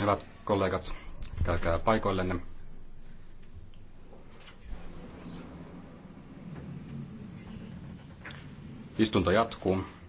Hyvät kollegat, käykää paikoillenne. Istunto jatkuu.